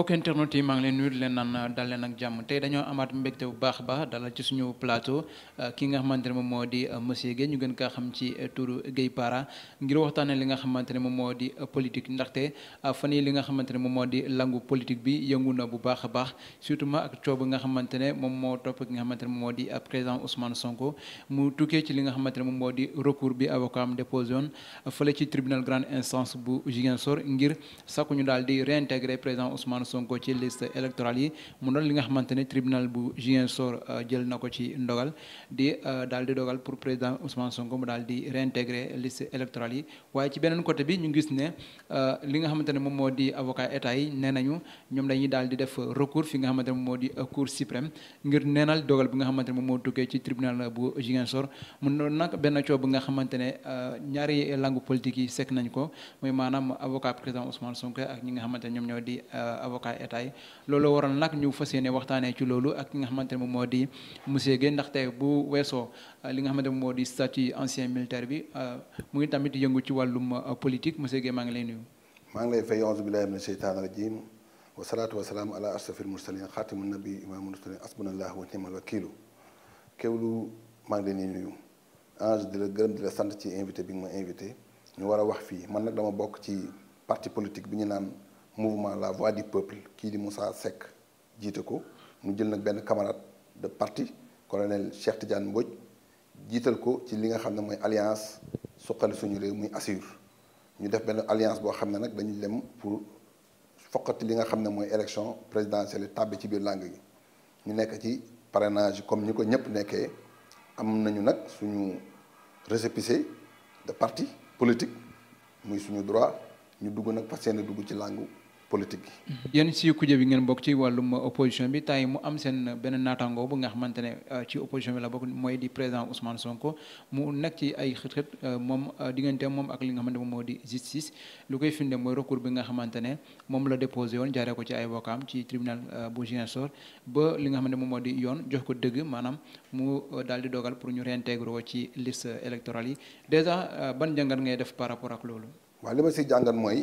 mbokk internet yi maa ngi leen nuyu di leen naan dal leen ak jàmm tey dañoo amaat mbégte bu baax baax dalal ci suñu plateau euh, ki nga xamante ne moom moo di euh, monsieur Guèye ñu gën kaa xam ci euh, turu Guèye Para ngir waxtaanee li nga xamante ne moom moo di politique ndaxte fan yii li nga xamante ne moom moo di langu politique bi yëngu na bu baax a baax surtout ma ak coow bi nga xamante ne moom moo topp ki nga xamante ne moom moo di président Ousmane Sonko mu tukkee ci li nga xamante ne moom moo di recours bi avocat am déposé woon fële ci tribunal grande instance bu Sor ngir sakku ñu daal di réintégrer président Ousmane Sonko ci liste électorale yi mu doon li nga xamante tribunal bu Ziguinchor euh, jël na ko ci ndogal di euh, daal di dogal pour président Ousmane Sonko mu daal di réintégrer liste électorale yi waaye ci beneen côté bi ñu gis ne euh, li nga xamante ne moom moo di avocat état yi nee nañu ñoom dañuy daal di def recours fi nga xamante ne moom moo di cour suprême ngir neenal dogal bi nga xamante ne moom moo tukkee ci tribunal bu Ziguinchor mu doon nag benn coow bi nga xamante ne ñaari langue politique yi sekk nañ ko muy maanaam avocat président ak ñi nga xamante ñoom ñoo di avocat avocat état yi loolu waral nag ñu fas ne waxtaanee ci loolu ak nga xamante ne moom moo di monsieur Guèye ndaxte bu weesoo euh, li nga xamante ne moo di statut ancien militaire bi euh, mu ngi tamit yëngu ci wàllum euh, politique monsieur Guèye maa ngi lay nuyu. maa ngi lay fay auzu billahi mina sheytaani rajim wa salaatu wa salaam ala ashrafil mursalin xaatimu nabi imaamul mursalin asbunallah wa ni'mal wakiilu Kéwoulo maa ngi leen di nuyu di la gërëm di la sant ci invité bi nga ma invité ñu war a wax fii man nag dama bokk ci parti politique bi ñu naan mouvement la voix du peuple qui di Moussa Seck jiite ko mu jël nag benn camarade de parti colonel Cheikh Tidiane Mbodj jiital ko ci li nga xam ne mooy alliance suqali suñu réew muy assure ñu def benn alliance boo xam ne nag dañu dem pour foqati li nga xam ne élection présidentielle tàbbi ci biir langue gi ñu nekk ci parrainage comme ñi ko ñëpp nekkee am nañu nag suñu récépissé de parti politique muy suñu droit ñu dugg nag fas yéene dugg ci langue politique yi. yéen si kuje bi ngeen bokk ci wàllum opposition bi tay mu am seen benn naataango bu nga xamante ne euh, ci opposition bi la bokk mooy di président Ousmane Sonko mu nekk ci ay xët-xët euh, moom euh, diggante moom ak li nga xamante moom moo di justice lu koy firnde mooy recours bi nga xamante ne moom la déposé woon jaaree ko ci ay avocaam ci tribunal bu Ziguinchor ba li nga xamante moom moo di yoon jox ko dëgg maanaam mu daal di dogal pour ñu réintégrer ko ci liste électorale yi déjà ban jàngat ngay def par rapport ak loolu. waaw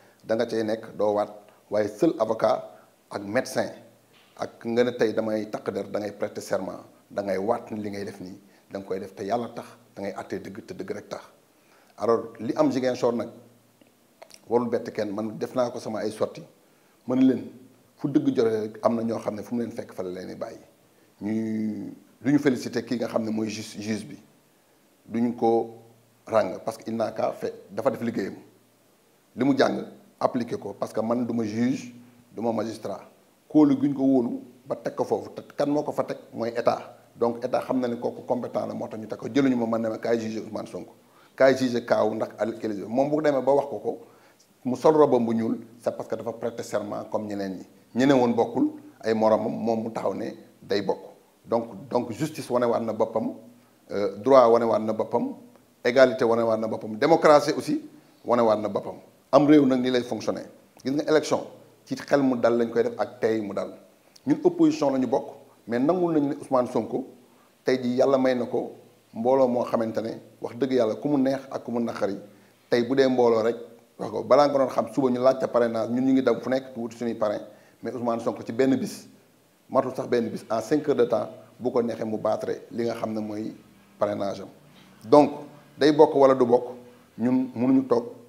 da nga cay nekk doo waat waaye sël avocat ak médecin ak nga ne tey damay takk der da ngay prêter serment da ngay waat ni li ngay def nii da nga koy def te yàlla tax dangay ngay àttee dëgg te dëgg rek tax alors li am Ziguinchor nag warul bett kenn man def naa ko sama ay sotti mën leen fu dëgg jore rek am na ñoo xam ne fu mu leen fekk fa leen di bàyyi ñuy du ñu félicité kii nga xam ne mooy juge juge bi du ñu ko ràng parce que il n'a dafa def liggéeyam li mu jàng. appliquer ko parce que man duma juge duma magistrat ko kóolu guñ ko wonu ba tek ko fofu te kan moo fa tek moy état donc état xam na ne kooku compétent la moo ñu tek ko jëluñu ma man ne ma kaay juge Ousmane Sonko kaay juge kaaw ndax al alkalisé mom bu demee ba wax ko ko mu sol robam bu ñuul c'est parce que dafa prêter serment comme ñeneen ñi ñeneen won bokul ay morom mom mu taxaw ne day bokk donc donc justice woné wanewaat na euh droit wanewaat na bopam égalité wanewaat na bopam démocratie aussi wanewaat na bopam am réew nak ni lay fonctionner gis nga élection ci xel mu dal lañ koy def ak tey mu dal ñun opposition lañu bok mais nangul nañ Ousmane Sonko tey yalla yàlla may na ko mbooloo moo ne wax deug yalla ku mu neex ak ku mu naqari tey bu rek wax ko balaa nga doon xam suba ñu laaj parrainage ñun ñu ngi dem fu nekk wut suñu parrain mais Ousmane Sonko ci benn bis matul sax benn bis en cinq heures de temps bu ko nexé mu baatre li nga xam moy mooy parrainage donc day bok wala du bok ñun ñu tok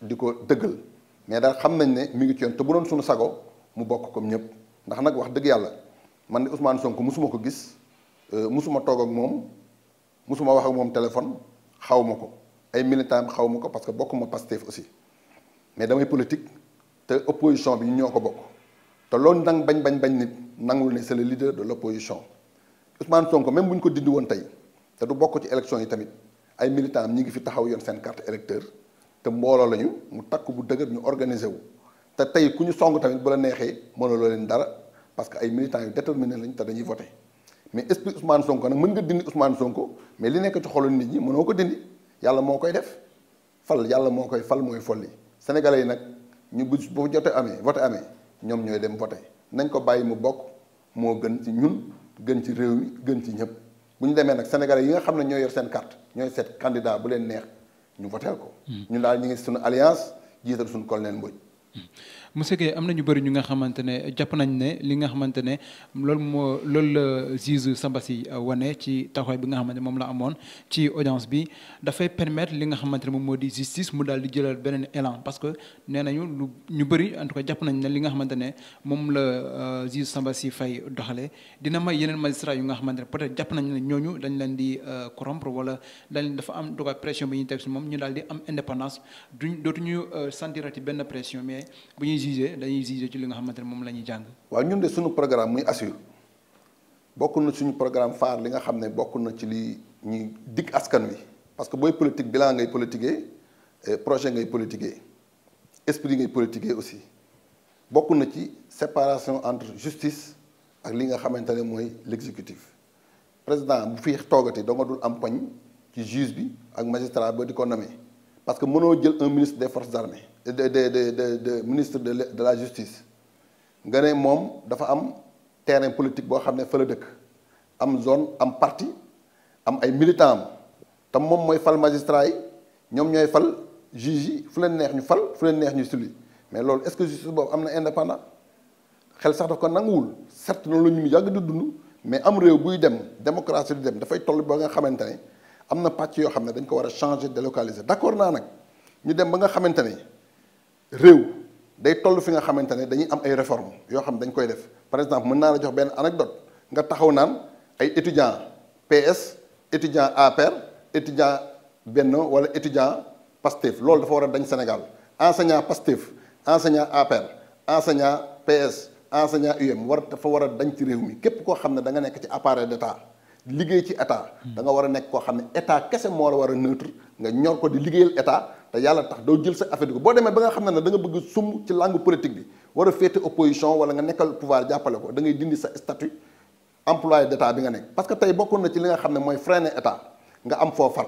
diko deugul mais da xam nañ ne mi ngi ci yoon te bu doon suñu sago mu bokk comme ñëpp ndax nag wax dëgg yàlla man ne Ousmane Sonko musuma ko gis euh, musuma toog ak moom musuma wax ak moom téléphone xaw ko ay militant xaw ko parce que bokkuma Pastef aussi mais damay politique te opposition bi ñoo ko bokk te loolu nang bañ bañ bañ nit nangul ne c'est le leader de l'opposition Ousmane Sonko même bu ñu ko dindi woon tey te du bokk ci élection yi tamit ay militants ñi ngi fi taxaw yoon seen carte électeur te mbooloo lañu mu takk bu dëgër ñu organiser wu te tey ku ñu song tamit bu la neexee mënuloo leen dara parce que ay militants yu déterminé lañ te dañuy voté mais esprit Ousmane Sonko nag mën nga dindi Ousmane Sonko mais li nekk ci xolu nit ñi mënoo ko dindi yàlla moo koy def fal yàlla moo koy fal mooy folli sénégalais yi nag ñu bu bu jote amee voté amee ñoom ñooy dem voté nañ ko bàyyi mu bokk moo gën ci ñun gën ci réew mi gën ci ñëpp bu ñu demee nag sénégalais yi nga xam ne ñoo yor seen carte ñooy seet candidat bu leen neex. ñu voteel ko. ñu daal ñu ngi suñu alliance jiital suñu colonel Mbodj. Hmm. musique Guèye am na ñu bëri ñu nga xamantene japp nañ ne li nga xamantene lool mo lool la juge Sambassi wane ci taxawaay bi nga xamantene mom la amone ci audience bi fay permettre li nga xamantene mom modi justice mu dal di jëlal benen élan parce que nee ñu bari en tout cas jàpp nañ ne li nga xamantene mom moom la juge euh, Sambassi fay doxalee dina may yeneen magistrat yu nga xamantene peut-être japp nañ ne ñoñu dañ leen di euh, corrompre wala dañ dafa am en tout cas pression bi ñu tek si moom ñu dal di am indépendance duñ ñu euh, sentirati benn pression mais bu ñuy nous dañuy un programme muy programme parce que boy politique bilan ngay politiquer eh, projet ngay politique esprit ngay politique aussi bokku na séparation entre justice et li nga l'exécutif président bu fi da nga dul am juge bi ak magistrat parce que mënoo jël un ministre des forces armées de de de de ministre de de la justice nga ne moom dafa am terrain politique boo xam ne fa la dëkk am zone am parti am ay militants am te moom mooy fal magistrat yi ñoom ñooy fal juge yi fu leen neex ñu fal fu ñu sulli mais loolu est-ce que justice boobu am na indépendant xel sax daf ko nanguwul certes noonu la ñu yàgg di dund mais am réew buy dem démocratie di dem dafay toll ba nga xamante ne. amna na yo xamne dañ ko wara changer délocaliser d' accord naa nag ñu dem ba nga xamantene rew day tollu fi nga xamantene dañuy am ay réforme yo xam dañ koy def par exemple mën na la jox ben anecdote nga taxaw nan ay étudiant PS étudiant APR étudiant Benno wala étudiant PASTEF lolou dafa wara dañ Sénégal enseignant PASTEF enseignant APR enseignant PS enseignant UM war dafa wara dañ ci rew mi képp ko xamne da nga nek ci appareil d' liggéey ci état da nga war a nekk koo xam ne état kese moo la war a neutre nga ñor ko di liggéeyal état te yàlla tax doo jël sa affaire di boo demee ba nga xam ne ne da bëgg sum ci langue politique bi war a féete opposition wala nga nekkal pouvoir jàppale ko dangay dindi sa statut employé d'état bi nga nekk parce que tey bokkoon na ci li nga xam ne mooy freiner état nga am foo far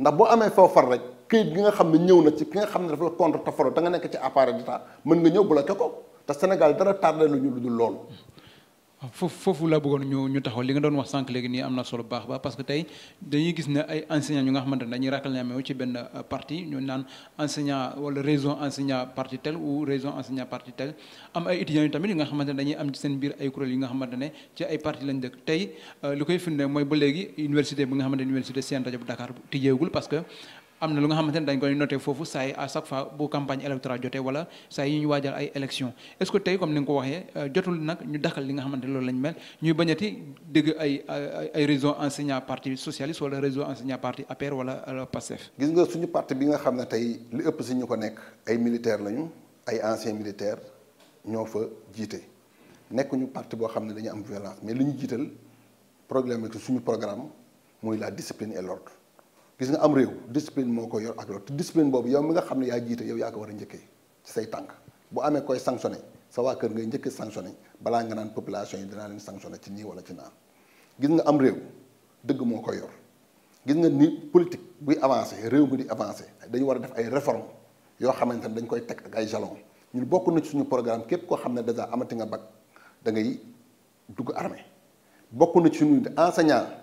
ndax boo amee foofar rek këyit gi nga xam ne ñëw na ci ki nga xam ne dafa la contre te faro nga nekk ci appareil d'état mën nga ñëw bloqué ko te Sénégal dara tardé lu ñu lu dul loolu fofu la bëggoon ñu ñu taxaw li nga doon wax sank léegi ni am solo baax ba parce que tay dañuy gis ne ay enseignants ñu nga xamante ne dañuy rakkal ñaamew ci benn euh, parti ñu naan enseignant wala réseau enseignant parti tel ou réseau enseignant parti tel am ay étudiants yu tamit nga xamante dañuy am ci seen biir ay kurel yi nga xamante ci ay parti lañ dëkk tay euh, li koy firnde mooy ba léegi université bi nga xamante université Cheikh bu Dakar tijjeegul parce que lu nga noté à campagne électorale joté wala say est-ce que comme ni nga ko euh, jotul nak ñu que li nga xamantene réseau enseignant parti socialiste wala réseau enseignant parti APR wala euh, gis parti bi nga ne li ëpp ay militaire lañu ay anciens militaires parti dañu am violence mais li ñu programme moy la discipline et l'ordre gis nga am réew discipline moo ko yor ak loolu discipline boobu yow mi nga xam ne yaa jiite yow yaa ko war a njëkkee ci say tànk bu amee koy sanctionné sa waa kër ngay njëkk sanctionné balaa nga naan population yi dinaa leen sanctionné ci nii wala ci naan gis nga am réew dëgg moo koy yor gis nga ni politique buy avancé réew mi di avancé dañu war a def ay réformes yoo xamante ne dañ koy teg ak ay jalons ñun bokk na ci suñu programme képp koo xam ne dèjà amati nga bac da ngay dugg armée bokk na ci suñu enseignant.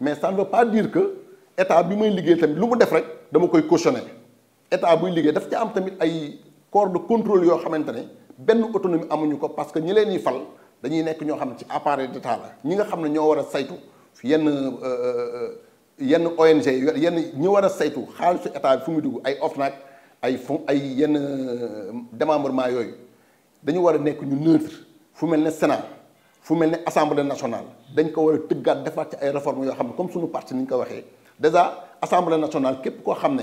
mais ça ne veut pas dire que état bi may liggéey tamit lu mu def rek dama koy cautionner état buy liggéey daf ci am tamit ay corps de contrôle yo xamantene ben autonomie amuñu ko parce que ñi leen di fal dañuy nekk ñoo xam ci appareil d'état la ñi nga xam ne ñoo war a saytu yenn euh, euh, yenn ONG yenn ñi war a saytu xaalisu état bi fu mu dugg ay OFNAC ay fu ay yenn euh, démembrement yooyu dañu war a nekk ñu neutre fu mel ne Sénat fu mel ne assemblée nationale dañ ko war a tëggaat defaat ci ay réformes yoo xam ne comme suñu parti ni ñu ko waxee déjà assemblée nationale képp koo xam ne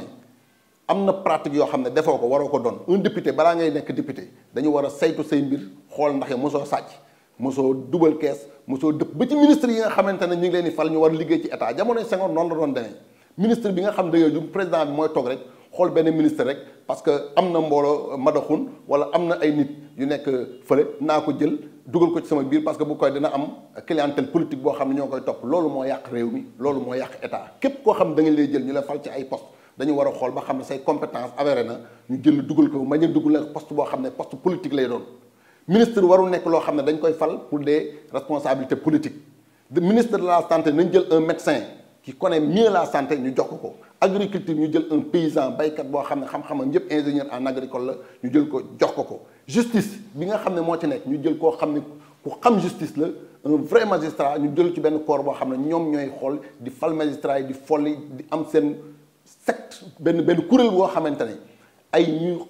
am na pratique yoo xam ne defoo ko waroo ko doon un député balaa ngay nekk député dañu war a saytu say mbir xool ndax yow mosoo sàcc mosoo dubal kees mosoo dëpp ba ci ministre yi nga xamante ñu ngi leen fal ñu war a liggéey ci état jamonoy Senghor noonu la doon demee ministre bi nga xam ne yow mooy toog rek. xol benn ministre rek parce que am na mbooloo euh, madaxun wala am na ay nit yu nekk euh, fële naa ko jël dugal ko ci sama biir parce que bu koy dina am clientèle politique boo xam ne ñoo koy topp loolu moo yàq réew mi loolu moo yàq état képp koo xam ne da nga lay jël ñu la fal ci ay poste dañu war a xool ba xam ne say compétence avéré na ñu jël dugal ko ma ñu dugal poste boo xam ne poste politique lay doon ministre waru nekk loo xam ne dañ koy fal pour des responsabilités politiques de ministre de la santé nañ jël un médecin qui connaît mieux la santé ñu jox ko ko agriculture ñu jël un paysan baykat boo xam xam-xamam ingénieur en agricole la ñu jël ko jox ko ko justice bi nga xam mo ci nek ñu jël ko xam ku xam justice la un vrai magistrat ñu jël ci ben corps bo xam ñom ñoy xol di fal magistrat di folli di am sen secte ben ben kuréel bo xamante ay ñu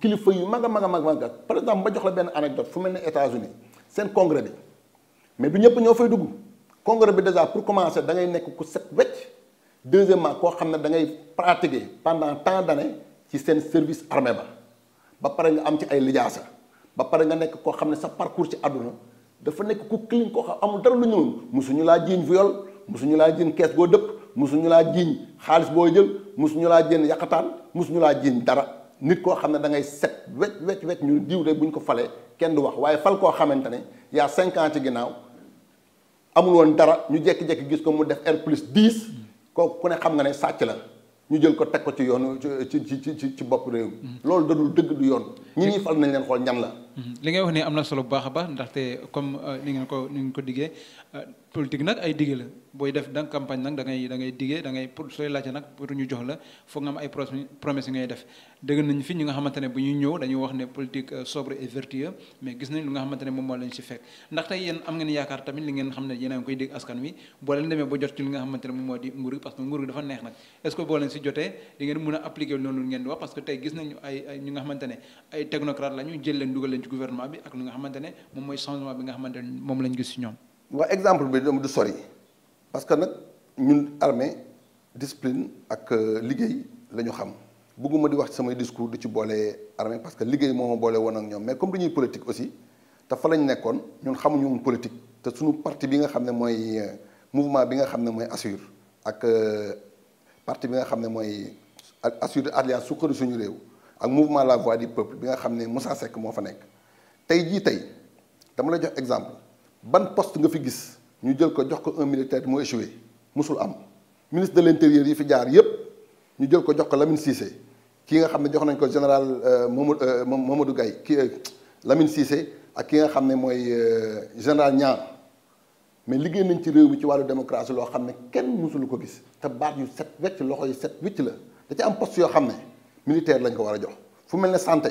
kilifa yu maga maga mag mag par exemple ba jox la ben anecdote fu melni États-Unis sen congrès bi mais du ñëpp ñofay fay dugg congrès bi déjà pour commencer da ngay nek ku set wecc deuxièmement ko xam da ngay pratiquer pendant tant d'années ci sen service armé ba ba paré nga am ci ay lidiasa ba paré nga nek ko xam sa parcours ci àdduna dafa nek ku clean ko xam amul dara lu ñuul musuñu laa jiiñ viol musuñu laa jiiñ kees goo dëpp musuñu la jiiñ xaalis boo jël musuñu laa jénn yaqataan musuñu la jiiñ dara nit ko xamne da ngay set wet wet wet ñu diiw de buñ ko falé kenn du wax waye fal ko xamantene ya 5 ans ci ginaaw amul won dara ñu jek jek gis ko mu def R plus 10 kooku ku ne xam nga ne sàcc la ñu jël ko teg ko ci yoonu ci ci ci ci bopp mm-hmm. loolu dadul dëgg du yoon ñi ñuy fal nañ leen xool ñan la Mhm. li ngay wax ne am na solo baax a baax ndaxte comme euh, ni ngeen ko ni ko diggee euh, politique nag ay digge la booy def da campagne nag da ngay diggee da ngay ñu nga am xamante ne bu ñuy ñëw dañuy wax ne politique euh, sobre moom moo a ngi moom moo di nguur parce que nguur dafa neex nag est ce que boo leen ci jotee di ngeen mën a appliquer loolu ngeen di wax parce que tey gis nañu ay ay ñi nga xamante ay technocrate la jël leen dugal leen ci gouvernement bi ak li nga xamantene mom moy changement bi nga xamantene mom lañu lañ gis si ñoom. waa exemple bi du sori parce que nak ñun armée discipline ak euh, liguey lañu ñu xam bëgguma di wax ci discours du ci bolé armée parce que liguey moma bolé won ak ñom mais comme dañuy politique aussi ta fa lañ nekkoon ñun xamuñu politique te suñu parti bi nga xamne moy euh, mouvement bi nga xamne moy assure ak euh, parti bi nga xamne moy assure alliance suqali suñu rew ak mouvement la voix du peuple bi nga xamne Moussa Seck mo fa nekk tey jii tey dama lay jox exemple ban post nga fi gis ñu jël ko jox ko un militaire mu échoué musul am ministre de l' intérieur yi fi jaar yépp ñu jël ko jox ko Lamine Cissé ki nga xam ne jox nañ ko général euh, Mamadou euh, Mamadou Gaye ki euh, Lamine Cissé ak ki nga xam ne mooy général Niang mais liggéey nañ ci réew mi ci wàllu démocratie loo xam ne kenn musul ko gis te baat yu set wecc loxo yu set wicc la da am poste yoo xam ne militaire lañ ko war a jox fu mel ne santé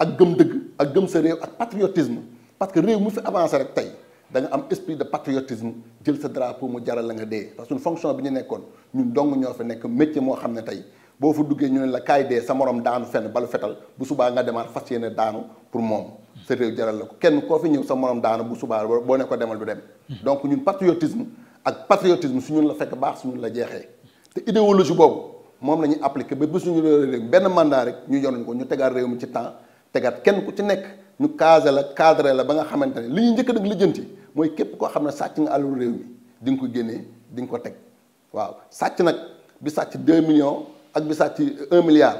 ak gëm dëgg ak gëm sa réew ak patriotisme parce que réew mu fi avancé rek tey da am esprit de patriotisme jël sa drapeau mu jaral la nga dee parce que fonction bi ñu nekkoon ñun dong ñoo nekk métier moo xam ne tey boo fa duggee ñu ne la kaay dee sa morom daanu fenn balu fetal bu subaa nga demaat fas yéene daanu pour moom sa jaral la ko kenn koo fi ñëw sa morom daanu bu subaa boo ne ko demal dem donc ñun patriotisme ak patriotisme su ñun la fekk baax su ñun la jeexee te boobu moom la ñuy appliqué ba bu suñu réew benn mandat rek ñu yonuñ ko ñu tegaat réew mi ci temps tegaat kenn ku ci nekk ñu case la cadré la ba nga xamante ne li ñuy njëkk nag lijjanti mooy képp koo xam ne sàcc nga alalu réew mi di nga ko génnee di ko teg waaw sàcc nag bi sàcc 2 millions ak bi sàcc 1 milliard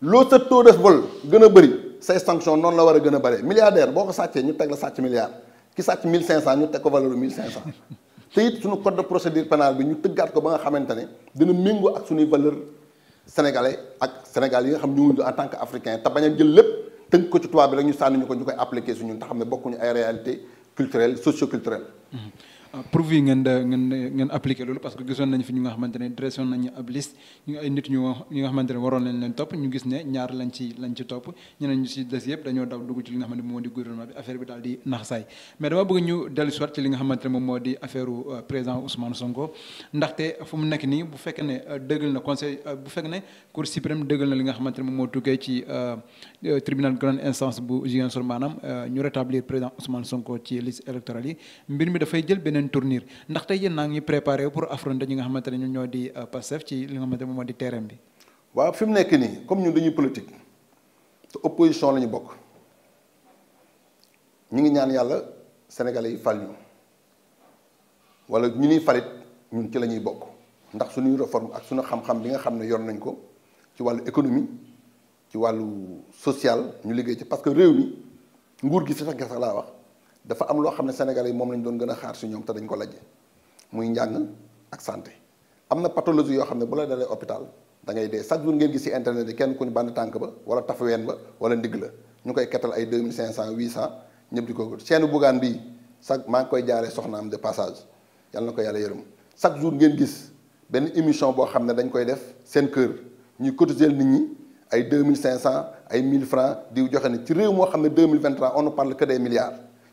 loo sa taux de vol gën a bëri say sanction noonu la war a gën a bëree milliardaire boo ko sàccee ñu teg la sàcc milliard ki sàcc 1500 ñu teg ko valeur 1500 te it suñu code de procédure pénale bi ñu tëggaat ko ba nga xamante ne dina méngoo ak suñuy valeur sénégalais ak sénégal yi nga xam ñu wuñu en tant que africain te bañ a jël lépp tënk ko ci tubaab bi rek ñu sànni ñu ko ñu koy appliqué suñu te xam ne bokkuñu ay réalité culturelle socio culturelle mm-hmm. preuve yi ngeen da ngeen ngeen nyi loolu parce que gisoon nañ fi ñu nga xamante ne dressoon nañu ab liste ñu ay nit ñu ñi nga xamante ne waroon leen topp ñu gis ne ñaar lañ ci lañ ci topp ñeneen ñu si des yëpp dañoo daw dugg ci li nga xamante moo di gouvernement bi affaire bi daal di naxsaay mais dama bëgg ñu dellu si ci li nga xamante ne moo di affaire euh, président Ousmane Sonko ndaxte fu mu nekk nii bu fekkee ne euh, dëggal na conseil euh, bu fekkee ne cour suprême dëggal na li nga xamante ne moo tukkee ci tribunal grande instance bu Ziguinchor manam ñu rétablir président Ousmane Sonko ci liste électorale yi mbir mi dafay jël benn beneen tournure ndax tey yéen naa ngi préparé pour affronter ñi nga xamante ne ñun ñoo di euh, Pastef ci li nga xamante bi. waaw fi mu nekk nii comme ñun dañuy politique te opposition la ñu bokk ñu ngi ñaan yàlla sénégalais yi fal ñu wala ñu ñuy falit ñun ci la ñuy bokk ndax suñuy réforme ak suñu xam-xam bi nga xam ne yor nañ ko ci wàllu économie ci wàllu social ñu liggéey ci parce que réew mi nguur gi si sax sax laa wax. dafa am loo xam ne sénégalais yi moom lañ doon gën a xaar si ñoom te dañ ko lajje muy njàng ak santé am na pathologie yoo xam ne bu la dalee hôpital da ngay dee chaque jour ngeen gis si internet yi kenn ku ñu band tànk ba wala tafaween ba wala ndigg la ñu koy kettal ay 2500 800 ñëpp di ko seenu bugaan bii chaque maa ngi koy jaaree soxnaam de passage yàlla na ko yàlla yërëm chaque jour ngeen gis benn émission boo xam ne dañ koy def seen kër ñuy cotiser nit ñi ay 2500 ay 1000 francs di joxe ne ci réew moo xam ne 2023 on ne parle que des milliards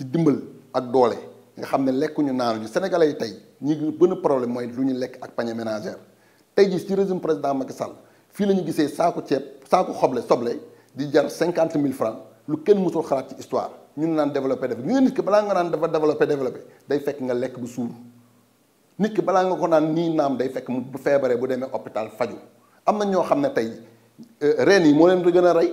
ci dimbal ak doole nga xam ne lekkuñu naanuñu sénégalais yi tey ñi gën a problème mooy lu ñu lekk ak pañe ménagère tey jii ci régime président Macky Sall fii la ñu gisee saaku ceeb saaku xoble soble di jar cinquante mille francs lu kenn musul xalaat ci histoire ñun naan développé def ñu nit ki balaa nga naan dafa développé développé day fekk nga lekk bu suur nit ki balaa nga ko naan nii naam day fekk bu feebaree bu demee hôpital faju am na ñoo xam ne tey euh, reen yi moo leen gën a rey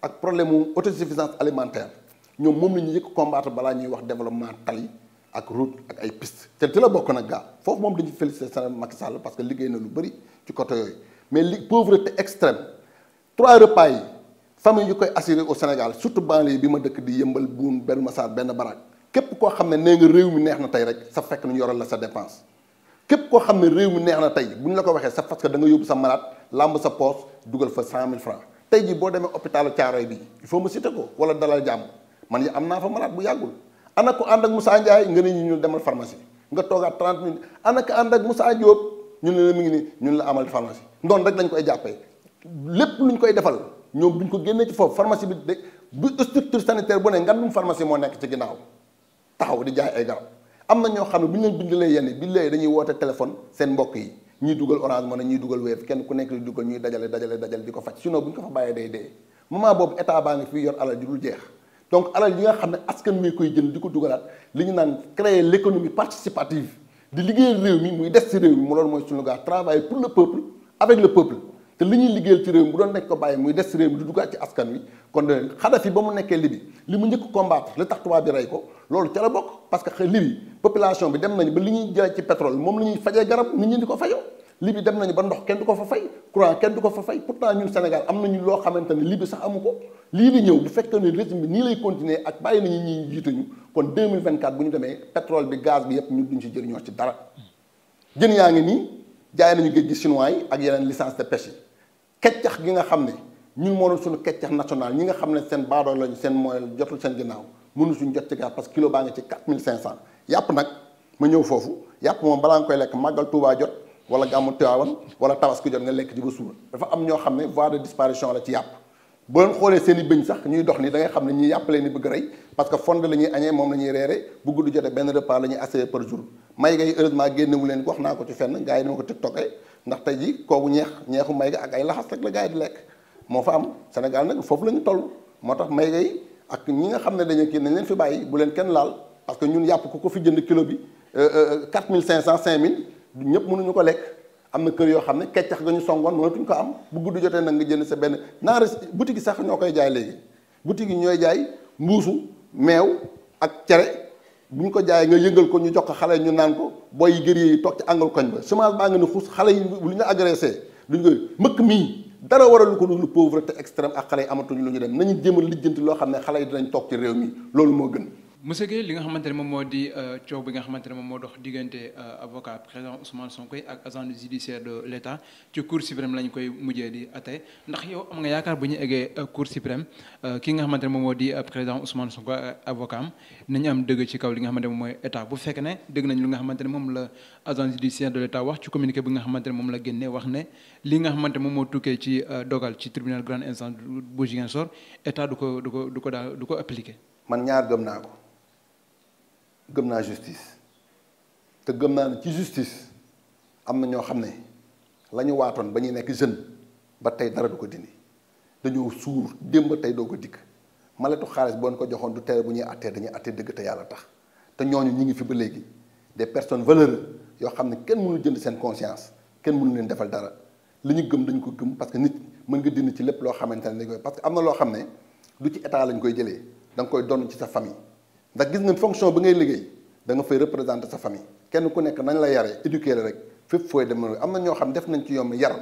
ak problème mu autosuffisance alimentaire ñom mom la ñuy yëkk combattre balaa ñuy wax développement tali ak route ak ay pistes té te la bokk nag ga fofu mom dañu féliciter Sénégal Macky Sall parce que liggéey na lu bëri ci côté yoy mais li pauvreté extrême trois repas yi famille yu koy assuré au Sénégal surtout banlieue bi ma dëkk di yëmbal buun benn masaar ben barak képp ko xamné né nga réew mi neex na tay rek sa fekk ñu yoral la sa dépense képp ko xamné réew mi neex na tay buñ la ko waxé sa parce que da nga yóbbu sa malade lamb sa poos dugal fa 100000 francs tey jii boo demee hôpital Thiaroye bi il faut ma citer ko wala dalal jàmm man am naa fa malade bu yàggul ana ko ànd ak Moussa Ndiaye nga ne ñu demal pharmacie nga toogaat 30 minutes ana ko ànd ak Moussa Diop ñun la mi ngi nii ñun la amal pharmacie ndoon rek lañ koy jàppee lépp luñ koy defal ñoom ñu ko génnee ci foofu pharmacie bi de bu structure sanitaire bu ne nga dum pharmacie moo nekk ci ginnaaw taxaw di jaay ay garab am na ñoo xam ne bu ñu leen bindalee yenn bi dañuy woote téléphone seen mbokk yi. ñuy dugal orange mën a ñuy dugal wéef kenn ku nekk li dugal ñuy dajale dajale dajale diko ko faj sinon bu ko fa bàyyee day dee moment boobu état baa ngi fii yor alal di dul jeex donc alal yi nga xam ne askan wi koy jënd di ko dugalaat li ñu naan créer l' économie participative di liggéeyal réew mi muy des ci réew mi mu loolu mooy sunu gaa travailler pour le peuple avec le peuple te li ñuy liggéeyal ci réew mi bu doon nekk ko bàyyi muy des réew mi du duggaat ci askan wi kon Kadhafi ba mu nekkee Libye li mu njëkk combattre li tax tubaab bi rey ko loolu ca la bokk parce que Libye population bi dem nañu ba li ñuy jëlee ci pétrole moom la ñuy fajee garab ni ñu ni ko fayoo Libye dem ba ndox kenn du ko fa fay courant kenn du ko fa fay pourtant ñun Sénégal am nañu loo xamante ne Libye sax amu ko lii di ñëw bu fekkee ne régime bi nii lay continuer ak bàyyi nañu ñuy jiite ñu kon 2024 bu ñu demee pétrole bi gaz bi yépp ñu duñ ci jëriñoo ci dara jën yaa ngi nii jaay nañu géej gi chinois ak yeneen licence de keccax gi nga xam ne ñun moo doon suñu keccax national ñi nga xam ne seen baadoo lañu seen mooy jotul seen ginnaaw mënu suñu jot ci gaz parce que kilo baa ngi ci 4500 yàpp nag ma ñëw foofu yàpp moom balaa nga koy lekk màggal Tuubaa jot wala gàmmu Tiwaawan wala tabaski jot nga lekk ci ba suur dafa am ñoo xam ne voie de disparition la ci yàpp boo leen xoolee seen i bëñ sax ñuy dox ni da xam ne ñi yàpp leen ni bëgg rey parce que fonde la ñuy añee moom la ñuy reere bu gudd jotee benn repas la ñuy assuré par jour may ngay heureusement leen wax naa ko ci fenn gars yi ni ndax tey ji kooku ñeex ñeexu may ga ak ay laxas rek la gars yi di lekk moo fa am Sénégal nag foofu la ñu toll moo tax may ga ak ñi nga xam ne dañu kii nañ leen fi bàyyi bu leen kenn laal parce que ñun yàpp ku ko fi jënd kilo bi 4500 euh, 5000 euh, ñëpp mënuñu ko lekk am na kër yoo xam ne keccax ga ñu songoon mënatuñ ko am bu gudd jotee nag nga jënd sa benn naare boutique yi sax ñoo koy jaay léegi boutique yi ñooy jaay mbuusu meew ak cere bu ñu ko jaayee nga yëngal ko ñu jox ko xale ñu naan ko booy yi gëree yi toog ci angal koñ ba semence baa nga ne xuus xale yi lu ñu agressé duñ ko mëkk mii dara waral ko lu pauvreté extrême ak xale yi amatuñu lu ñu dem nañu jéem lijjanti loo xam ne xale yi dinañ toog ci réew mi loolu moo gën Monsieur Guèye li nga xamantene mom modi moo di euh, bi nga xamantene mom moom moo dox diggante euh, avocat président Ousmane Sonko ak agent judiciaire de l'état ci cour suprême lañ koy mujjé di até ndax yow am nga yaakaar bu ñu eggee euh, cour suprême ki nga xamantene mom modi président Ousmane Sonko avocat am nañu am dëgg ci kaw li nga xamantene ne état bu fekk né dëgg nañ li nga xamantene mom la agent judiciaire de l'état wax ci communiqué bi nga xamantene mom la génné wax né li nga xamantene mom mo tuké ci dogal ci tribunal grande instance bu Ziguinchor état du ko du ko du ko daal du ko appliqué. man ñaar gëm naa ko. gëm naa justice te gëm naa ne ci justice am na ñoo xam ne la ñu waatoon ba ñuy nekk jeune ba tey dara du ko dindi dañoo suur démb tey doo ko dikk maletu xaalis boo ko joxoon du tere bu ñuy attee dañuy attee dëgg te yàlla tax te ñooñu ñu ngi fi ba léegi des personnes valeureuses yoo xam ne kenn mënu jënd seen conscience kenn mënu leen defal dara li ñu gëm dañ ko gëm parce que nit mën nga dindi ci lépp loo xamante ne koy parce que am na loo xam ne du ci état lañ koy jëlee da nga koy donn ci sa famille ndax gis nga fonction bi ngay liggéey da nga fay représenter sa famille kenn ku nekk nañ la yare éduquer rek fépp fooy dem am na ñoo xam def nañ ci yomb yar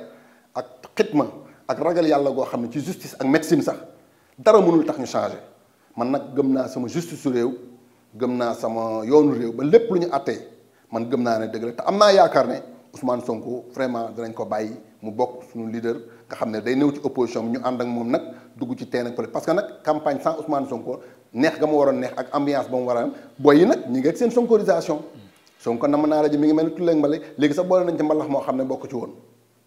ak ma ak ragal yàlla goo xam ne ci justice ak médecine sax dara mënul tax ñu changer man nag gëm naa sama justice su réew gëm naa sama yoonu réew ba lépp lu ñu àttee man gëm naa ne dëgg la te am naa yaakaar ne. Ousmane Sonko vraiment danañ ko bàyyi mu bokk suñu leader nga xam ne day néew ci opposition bi ñu ànd ak moom nag dugg ci teen ak parce que nag campagne sans Ousmane Sonko neex ga mu waroon neex ak ambiance ba mu war a nag ñi ngi ak seen sonkorisation Sonko nam naa la ji mi ngi mel ni tulleeg mbale léegi sax boole nañ ci mbalax moo xam ne bokk ci woon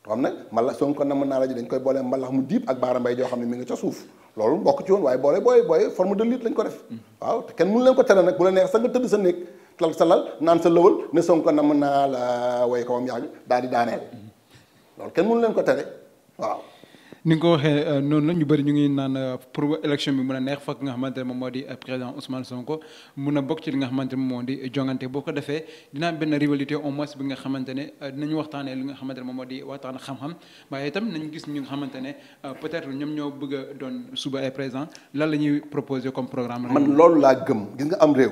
xam nag mbalax Sonko nam naa la ji dañ koy boole mbalax mu diib ak baara xam ne mi ngi ca suuf loolu bokk ci woon waaye boole booy booy forme de lutte lañ mm-hmm. sa néeg tal sa lal naan sa lëwal ne Sonko na mën naa la daal di daaneel loolu kenn mënu ko tere waaw. ni nga ko waxee euh, noonu la ñu bëri ñu ngi naan euh, pour élection bi mën a neex fokk nga xamante ne moom moo di euh, président Ousmane Sonko mun a bokk ci nga xamante ne moo di jongante boo ko defee dina benn rivalité au moins bi nga xamante ne dinañu waxtaanee li nga xamante ne moom moo di waxtaan xam-xam waaye itam nañu gis ñi nga xamante ne peut-être ñoom ñoo bëgg doon suba ay président lan la ñuy proposer comme programme. man loolu laa gëm gis nga am réew.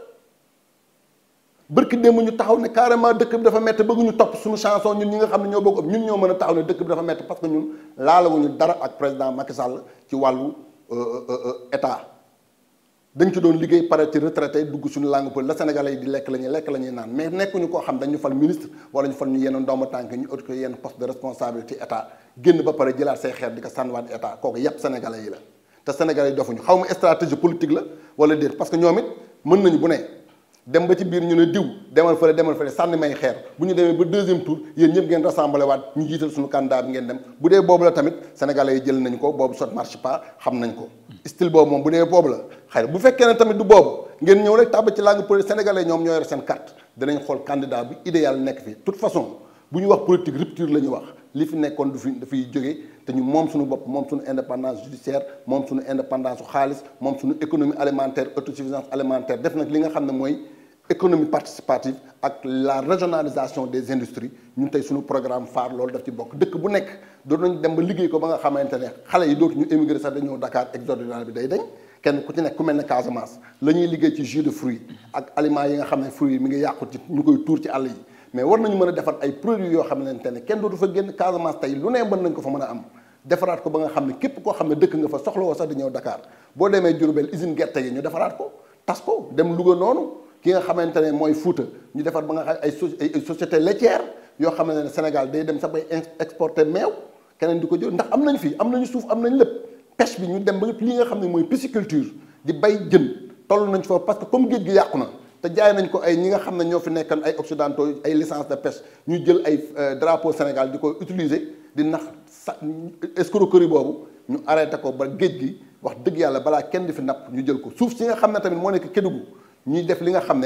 bërki démb ñu taxaw ne carrément dëkk bi dafa métti bëgg ñu topp suñu chanson ñun ñi nga xam ne ñoo bokk ñun ñoo mën a taxaw ne dëkk bi dafa métti parce que ñun laalawuñu dara ak président Macky Sall ci wàllu euh, euh, euh, état dañ ci doon liggéey pare ci retraité dugg suñu langue pël la Sénégalais yi di lekk la ñuy lekk la ñuy naan mais nekkuñu koo xam dañu fal ministre wala ñu fal ñu yenn ndomba tànk ñu ut ko yenn poste de responsabilité état génn ba pare jëlaat say xeer di ko sànniwaat état kooku yàpp Sénégalais yi la te Sénégalais yi dofuñu xaw politique la wala déet parce que ñoom mën nañu bu ne dem ba ci biir ñu ne diw demal fële demal fële sànni may xeer bu ñu demee ba deuxième tour yéen ñëpp ngeen rassemblé waat ñu jiital suñu candidat bi ngeen dem bu dee boobu la tamit sénégalais jël nañ ko boobu sot marche pas xam nañ ko style boobu moom bu dee boobu la xëy bu fekkee ne tamit du boobu ngeen ñëw rek tàbb ci langue politique sénégalais ñoom ñoo yor seen carte danañ xool candidat bi idéal nekk fii toute façon buñu wax politique rupture lañu wax li fi nekkoon du fi dafay jógee té ñu mom suñu bop mom suñu indépendance judiciaire mom suñu indépendance su mom suñu économie alimentaire autosuffisance alimentaire def nak li nga xamné moy économie participative ak la régionalisation des industries ñun tay suñu programme phare lool daf ci bokk dëkk bu nekk doon nañ dem ba liggéey ko ba nga xamante ne xale yi dootuñu émigré sax dañoo Dakar exode rural bi day dañ kenn ku ci nekk ku melni Casamance lañuy ñuy liggéey ci jus de fruits ak aliments yi nga xamné fruits mi nga yaqku ci ñukoy tour ci àll yi mais war nañu mëna a ay produits yo xamante ne kenn dootu fa génn Casamance tay lu né mën nañ ko fa mëna am defaraat ko ba nga xamné képp ko xamné dëkk nga fa soxlawoo sax di ñëw Dakar bo démé Diourbel usine gerte yi ñu defaraat ko tas ko dem Louga nonu ki nga xamante moy mooy ñu defar ba nga ay société laitière yo xamante Sénégal day dem sax bay exporter mew keneen di ko jël ndax am nañ fi am nañu suuf am nañ lepp pêche bi ñu dem ba li nga xamné moy pisciculture di bay jën tollu nañ fa parce que comme géej gi yàqu te jaay nañ ko ay ñi nga xam ne ñoo ay occidentaux ay licence de pêche ñu jël ay euh, drapeau Sénégal diko ko utiliser di nax sa escroquerie boobu ñu arrêté ko ba géej gi wax dëgg yàlla balaa kenn di fi napp ñu jël ko suuf si nga xam ne tamit moo nekk Kédougou ñuy def li nga xam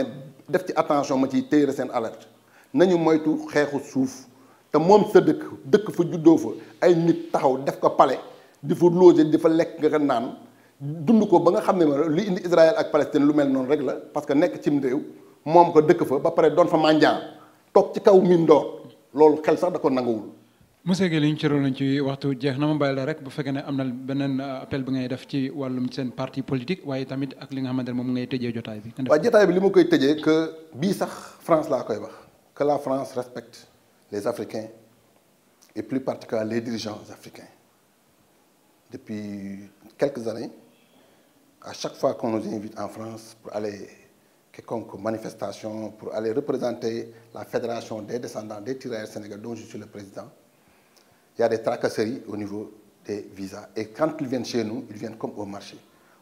def ci attention ma ciy téyere seen alerte nañu moytu xeexu suuf te mom sa dëkk dëkk fa juddoo fa ay nit taxaw def ko pale di fa loger di fa lekk nga naan dund ko ba nga xamné ne li indi Israël ak Palestine lu mel non rek la parce que nek cim réew moom ko dëkk fa ba paré don fa mànjaan tok ci kaw miin door loolu xel sax da ko nangawul monsieur Guèye li ñu cëroon ci waxtu jeex na ma bàyyi rek bu fekkee amna benen appel bi ngay def ci walum sen parti politique waye tamit ak li nga xamante mom ngay tëjee jotaay bi. wa jotaay bi limu koy tëjee que bi sax France la koy wax que la France respecte les Africains et plus particulièrement les dirigeants africains depuis quelques années à chaque fois qu'on nous invite en France pour aller quelconque manifestation, pour aller représenter la Fédération des descendants des tirailleurs sénégalais dont je suis le président, il y a des tracasseries au niveau des visas. Et quand ils viennent chez nous, ils viennent comme au marché.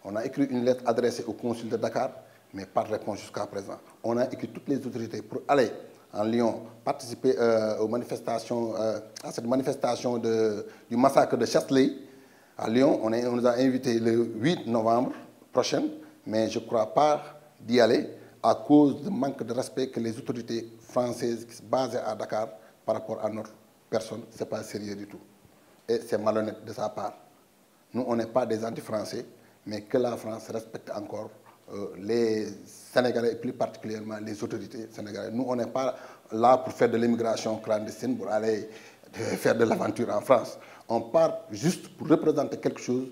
On a écrit une lettre adressée au consul de Dakar, mais pas de réponse jusqu'à présent. On a écrit toutes les autorités pour aller en Lyon, participer euh, aux manifestations, euh, à cette manifestation du massacre de Châtelet. À Lyon, on, est, on nous a invités le 8 novembre prochaine, mais je ne crois pas d'y aller à cause du manque de respect que les autorités françaises qui se basent à Dakar par rapport à notre personne, ce n'est pas sérieux du tout. Et c'est malhonnête de sa part. Nous, on n'est pas des anti-français, mais que la France respecte encore euh, les Sénégalais, et plus particulièrement les autorités sénégalaises. Nous, on n'est pas là pour faire de l'immigration clandestine, pour aller faire de l'aventure en France. On part juste pour représenter quelque chose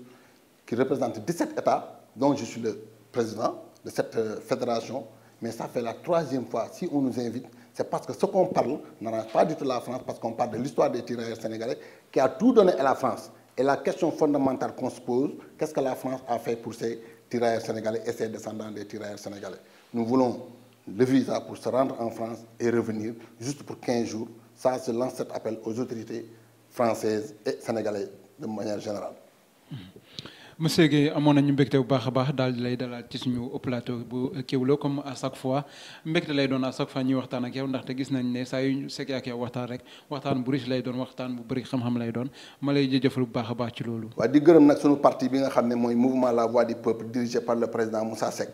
qui représente 17 États donc je suis le président de cette euh, fédération, mais ça fait la troisième fois, si on nous invite, c'est parce que ce qu'on parle n'arrange pas du tout la France, parce qu'on parle de l'histoire des tirailleurs sénégalais, qui a tout donné à la France. Et la question fondamentale qu'on se pose, qu'est-ce que la France a fait pour ces tirailleurs sénégalais et ses descendants des tirailleurs sénégalais Nous voulons le visa pour se rendre en France et revenir juste pour 15 jours. Ça, se lance cet appel aux autorités françaises et sénégalaises de manière générale. Mmh. monsieur Guèye amoon nañu mbégte bu baax a baax daal di lay dalal ci suñu plateau bu Kéwoulo comme à chaque fois mbégte lay doon à chaque fois ñuy waxtaan ak yow ndaxte gis nañ ne saa yu sekk ak yow waxtaan rek waxtaan bu riche lay doon waxtaan bu bëri xam-xam lay doon ma lay jëfal bu baax a baax ci loolu. waa di gërëm nag suñu parti bi nga xam ne mooy mouvement la voix du peuple dirigé par le président Moussa Seck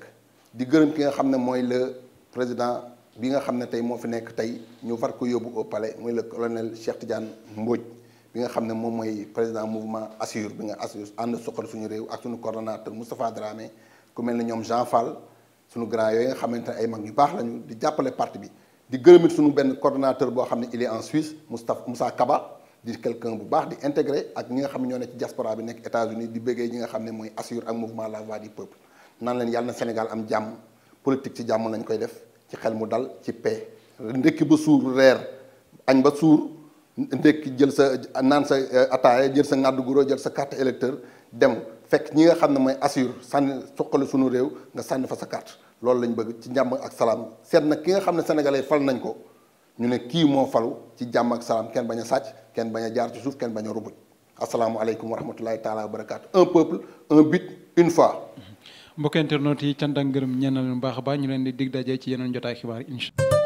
di gërëm ki nga xam ne mooy le président bi nga xam ne tey moo fi nekk tey ñu far ko yóbbu au muy mooy le colonel Cheikh Tidiane Mbodj bi nga xam ne moom mooy président mouvement assure bi nga assure ànd suqal suñu réew ak suñu coordonnateur Moustapha Dramé ku mel ne ñoom Jean Fall suñu grand yooyu nga xamante ne ay mag ñu baax lañu di jàppale parti bi di gërëmit suñu benn coordonnateur boo xam ne il est en Suisse Moustapha Moussa Kaba di quelqu'un bu baax di intégré ak ñi nga xam ne ñoo ne ci diaspora bi nekk États-Unis di bëggee ñi nga xam ne mooy assure ak mouvement la voix du peuple naan am jàmm politique ci jàmm lañ koy def ci xel mu dal ci paix ndekki ba suur reer añ ndekki jël sa naan sa euh, ataaya jël sa ngàddu guro jël sa carte électeur dem fekk ñi nga xam ne mooy assure sànni suqali suñu réew nga sànni fa sa carte loolu lañ bëgg ci njàmb ak salaam seet nag ki nga xam ne sénégalais fal nañ ko ñu ne kii moo falu ci jàmm ak salaam kenn bañ a sàcc kenn bañ a jaar ci suuf kenn bañ a rubuj asalaamualeykum wa rahmatulahi taala wa barakaatu un peuple un but une fois mbokk internautes yi cant ak ngërëm ñenn leen baax a baax